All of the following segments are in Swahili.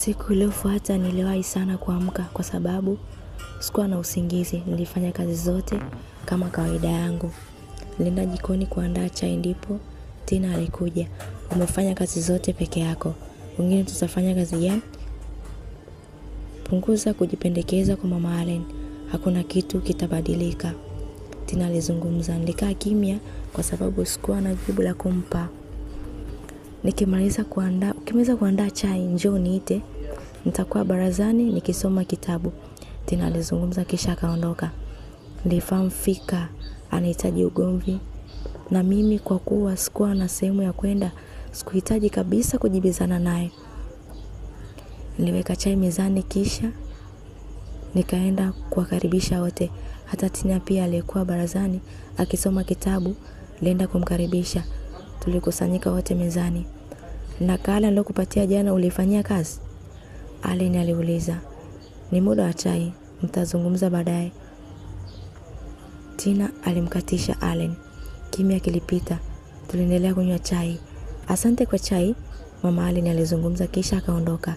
Siku iliyofuata niliwahi sana kuamka kwa sababu sikuwa na usingizi nilifanya kazi zote kama kawaida yangu. Nilienda jikoni kuandaa chai ndipo, Tina alikuja. Umefanya kazi zote peke yako. Wengine tutafanya kazi gani? Punguza kujipendekeza kwa mama Allen. Hakuna kitu kitabadilika. Tina alizungumza nilikaa kimya kwa sababu sikuwa na jibu la kumpa. Nikimaliza kuandaa, ukimaliza kuandaa chai njoo niite, Nitakuwa barazani nikisoma kitabu. Tina alizungumza kisha akaondoka. Nilifahamu fika anahitaji ugomvi na mimi kwa kuwa sikuwa na sehemu ya kwenda, sikuhitaji kabisa kujibizana naye. Niliweka chai mezani kisha nikaenda kuwakaribisha wote. Hata Tina pia aliyekuwa barazani akisoma kitabu nilienda kumkaribisha. Tulikusanyika wote mezani. Nakala nilokupatia jana ulifanyia kazi? Allen aliuliza. Ni muda wa chai, mtazungumza baadaye. Tina alimkatisha Allen. Kimya kilipita, tuliendelea kunywa chai. Asante kwa chai, mama Allen alizungumza kisha akaondoka.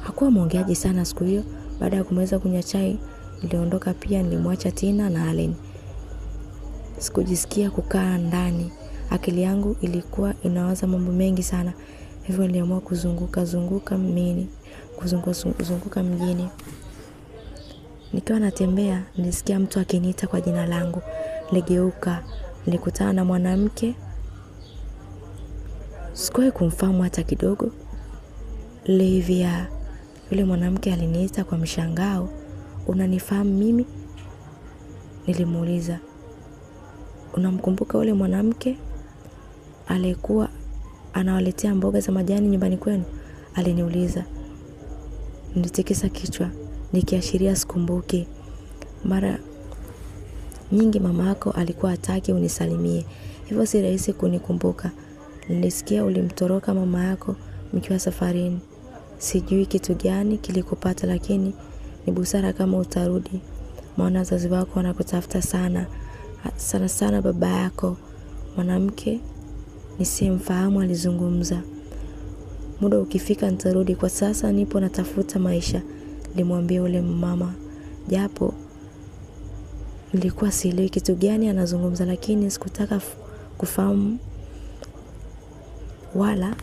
Hakuwa mwongeaji sana siku hiyo. Baada ya kumweza kunywa chai, niliondoka pia nilimwacha Tina na Allen. Sikujisikia kukaa ndani. Akili yangu ilikuwa inawaza mambo mengi sana hivyo aliamua kuzunguka zunguka mjini kuzunguka zunguka mjini nikiwa natembea nilisikia mtu akiniita kwa jina langu nligeuka nilikutana na mwanamke sikuwahi kumfahamu hata kidogo livya yule mwanamke aliniita kwa mshangao unanifahamu mimi nilimuuliza unamkumbuka yule mwanamke aliyekuwa anawaletea mboga za majani nyumbani kwenu? Aliniuliza. Nilitikisa kichwa nikiashiria sikumbuki. Mara nyingi mama yako alikuwa hataki unisalimie, hivyo si rahisi kunikumbuka. Nilisikia ulimtoroka mama yako mkiwa safarini. Sijui kitu gani kilikupata, lakini ni busara kama utarudi, maana wazazi wako wanakutafuta sana, sana sana baba yako mwanamke nisiyemfahamu alizungumza. Muda ukifika nitarudi, kwa sasa nipo natafuta maisha, limwambia ule mama, japo nilikuwa sielewi kitu gani anazungumza, lakini sikutaka kufahamu wala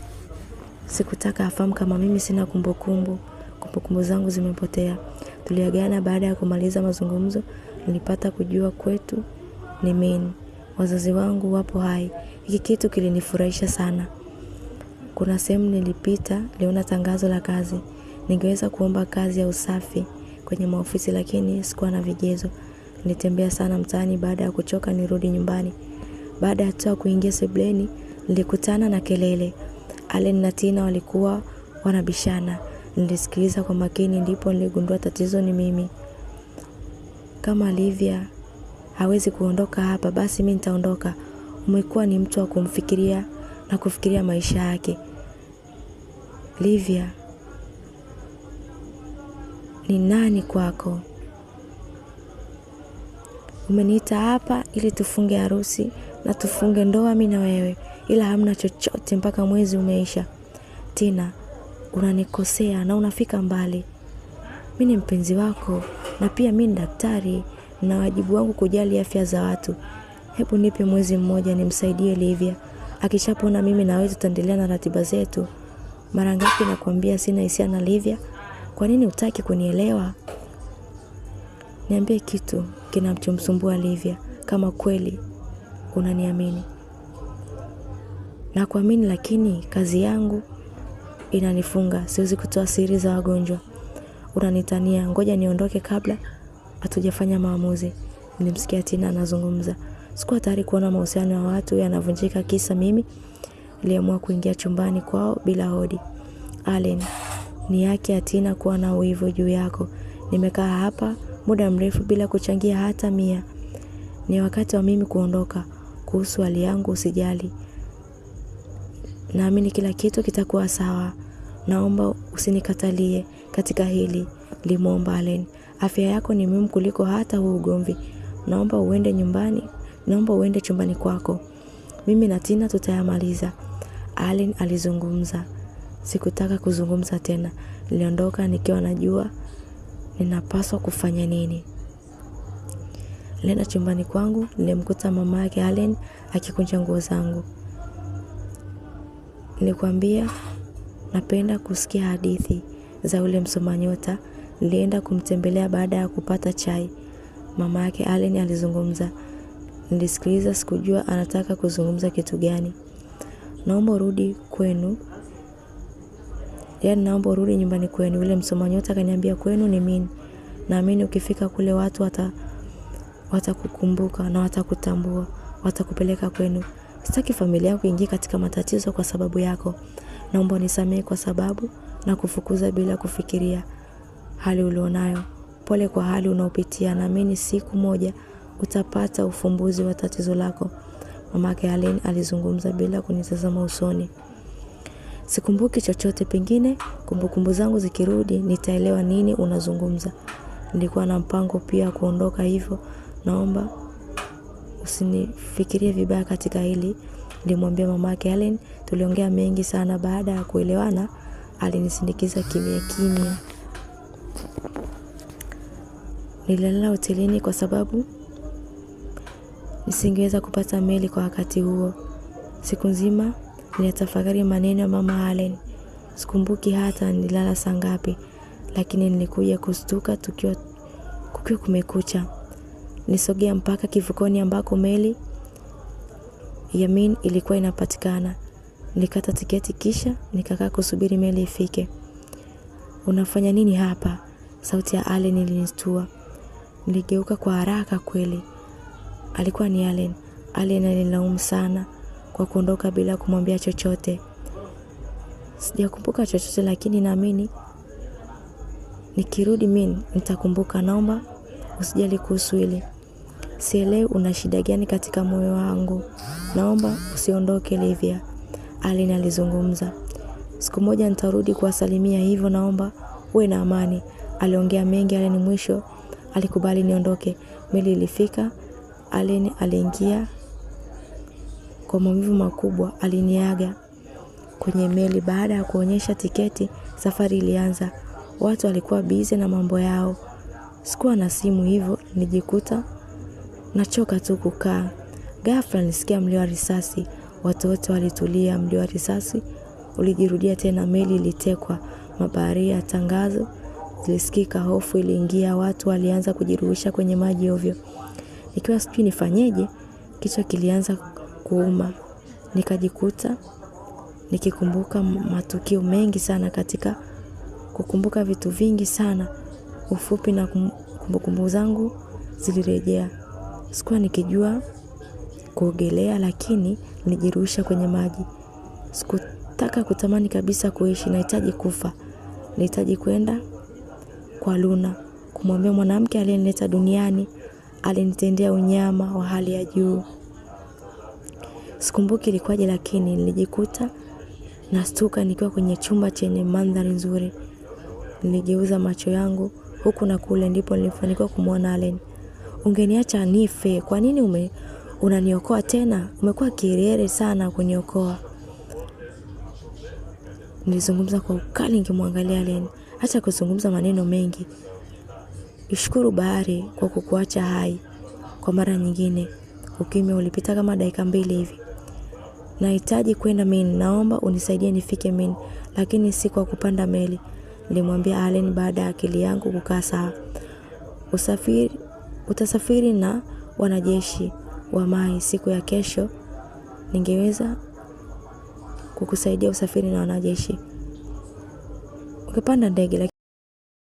sikutaka afahamu kama mimi sina kumbukumbu, kumbukumbu zangu zimepotea. Tuliagana baada ya kumaliza mazungumzo, nilipata kujua kwetu ni nini wazazi wangu wapo hai. Hiki kitu kilinifurahisha sana. Kuna sehemu nilipita, niliona tangazo la kazi. Ningeweza kuomba kazi ya usafi kwenye maofisi lakini sikuwa na vigezo. Nilitembea sana mtaani baada ya kuchoka nirudi nyumbani. Baada ya toa kuingia sebleni, nilikutana na kelele. Allen na Tina walikuwa wanabishana. Nilisikiliza kwa makini ndipo niligundua tatizo ni mimi. Kama Livia hawezi kuondoka hapa, basi mi nitaondoka. Umekuwa ni mtu wa kumfikiria na kufikiria maisha yake. Livia ni nani kwako? Umeniita hapa ili tufunge harusi na tufunge ndoa mi na wewe, ila hamna chochote mpaka mwezi umeisha. Tina, unanikosea na unafika mbali. Mi ni mpenzi wako na pia mi ni daktari na wajibu wangu kujali afya za watu. Hebu nipe mwezi mmoja nimsaidie Livia. Akishapona mimi na wewe tutaendelea na ratiba zetu. Mara ngapi nakwambia sina hisia na Livia? Kwa nini hutaki kunielewa? Niambie kitu kinachomsumbua Livia kama kweli unaniamini. Nakuamini lakini kazi yangu inanifunga, siwezi kutoa siri za wagonjwa. Unanitania, ngoja niondoke kabla hatujafanya maamuzi, nilimsikia Tina anazungumza. Sikuwa tayari kuona mahusiano ya watu yanavunjika kisa mimi niliamua kuingia chumbani kwao bila hodi. Allen, ni yake ya Tina kuwa na uivu juu yako. Nimekaa hapa muda mrefu bila kuchangia hata mia. Ni wakati wa mimi kuondoka. Kuhusu hali yangu usijali. Naamini kila kitu kitakuwa sawa. Naomba usinikatalie katika hili, limwomba Allen. Afya yako ni muhimu kuliko hata huu ugomvi. Naomba uende nyumbani, naomba uende chumbani kwako. Mimi na Tina tutayamaliza. Allen alizungumza. Sikutaka kuzungumza tena. Niliondoka nikiwa najua ninapaswa kufanya nini. Lena chumbani kwangu, nilimkuta mama yake Allen akikunja nguo zangu. Nilikwambia napenda kusikia hadithi za ule msoma nyota Nilienda kumtembelea baada ya kupata chai. Mama yake alen alizungumza. Nilisikiliza, sikujua anataka kuzungumza kitu gani. Naomba urudi kwenu. Yaani naomba urudi nyumbani kwenu. Yule msoma nyota akaniambia kwenu ni mimi. Naamini ukifika kule watu wata watakukumbuka na watakutambua, watakupeleka kwenu. Sitaki familia yako ingie katika matatizo kwa sababu yako. Naomba unisamehe kwa sababu na kufukuza bila kufikiria hali ulionayo, pole kwa hali unaopitia. Naamini siku moja utapata ufumbuzi wa tatizo lako, mamake Helen alizungumza bila kunitazama usoni. Sikumbuki chochote, pengine kumbukumbu zangu zikirudi nitaelewa nini unazungumza. Nilikuwa na mpango pia kuondoka, hivyo naomba usinifikirie vibaya katika hili, nilimwambia mamake Helen. Tuliongea mengi sana. Baada ya kuelewana, alinisindikiza kimya kimya. Nililala hotelini kwa sababu nisingeweza kupata meli kwa wakati huo. Siku nzima nilitafakari maneno ya mama allen Sikumbuki hata nililala saa ngapi, lakini nilikuja kustuka tukiwa kukiwa kumekucha. nisogea mpaka kivukoni ambako meli Yamin ilikuwa inapatikana. Nilikata tiketi kisha nikakaa kusubiri meli ifike. Unafanya nini hapa? Sauti ya Allen ilinistua. Niligeuka kwa haraka kweli. Alikuwa ni Allen. Allen alinilaumu sana kwa kuondoka bila kumwambia chochote. Sijakumbuka chochote lakini naamini nikirudi mimi nitakumbuka. Naomba usijali kuhusu hili. Sielewi una shida gani katika moyo wangu. Naomba usiondoke Livia. Allen alizungumza. Siku moja nitarudi kuwasalimia hivyo naomba uwe na amani. Aliongea mengi Allen mwisho alikubali niondoke. Meli ilifika, Allen aliingia kwa maumivu makubwa, aliniaga kwenye meli. Baada ya kuonyesha tiketi, safari ilianza. Watu walikuwa bize na mambo yao, sikuwa na simu, hivyo nijikuta nachoka tu kukaa. Ghafla nisikia mlio wa risasi, watu wote walitulia. Mlio wa risasi ulijirudia tena, meli ilitekwa. Mabaharia tangazo zilisikika, hofu iliingia, watu walianza kujirusha kwenye maji ovyo. Nikiwa sijui nifanyeje, kichwa kilianza kuuma. Nikajikuta nikikumbuka matukio mengi sana katika kukumbuka vitu vingi sana. Ufupi na kumbukumbu zangu zilirejea. Sikuwa nikijua kuogelea lakini nijirusha kwenye maji. Sikutaka kutamani kabisa kuishi, nahitaji kufa. Nahitaji kwenda kwa Luna kumwambia mwanamke aliyenileta duniani alinitendea unyama wa hali ya juu. Sikumbuki ilikuwaje, lakini nilijikuta nastuka nikiwa kwenye chumba chenye mandhari nzuri. Niligeuza macho yangu huku na kule, ndipo nilifanikiwa kumwona Allen. Ungeniacha nife, kwa nini ume unaniokoa tena? Umekuwa kirere sana kuniokoa, nilizungumza kwa ukali nikimwangalia Allen hata kuzungumza maneno mengi. Ishukuru bahari kwa kukuacha hai. Kwa mara nyingine, ukimya ulipita kama dakika mbili hivi. Nahitaji kwenda Maine, naomba unisaidie nifike Maine, lakini si kwa kupanda meli, nilimwambia Allen baada ya akili yangu kukaa sawa. Usafiri, utasafiri na wanajeshi wa Mai siku ya kesho. Ningeweza kukusaidia usafiri na wanajeshi. ke pandang dia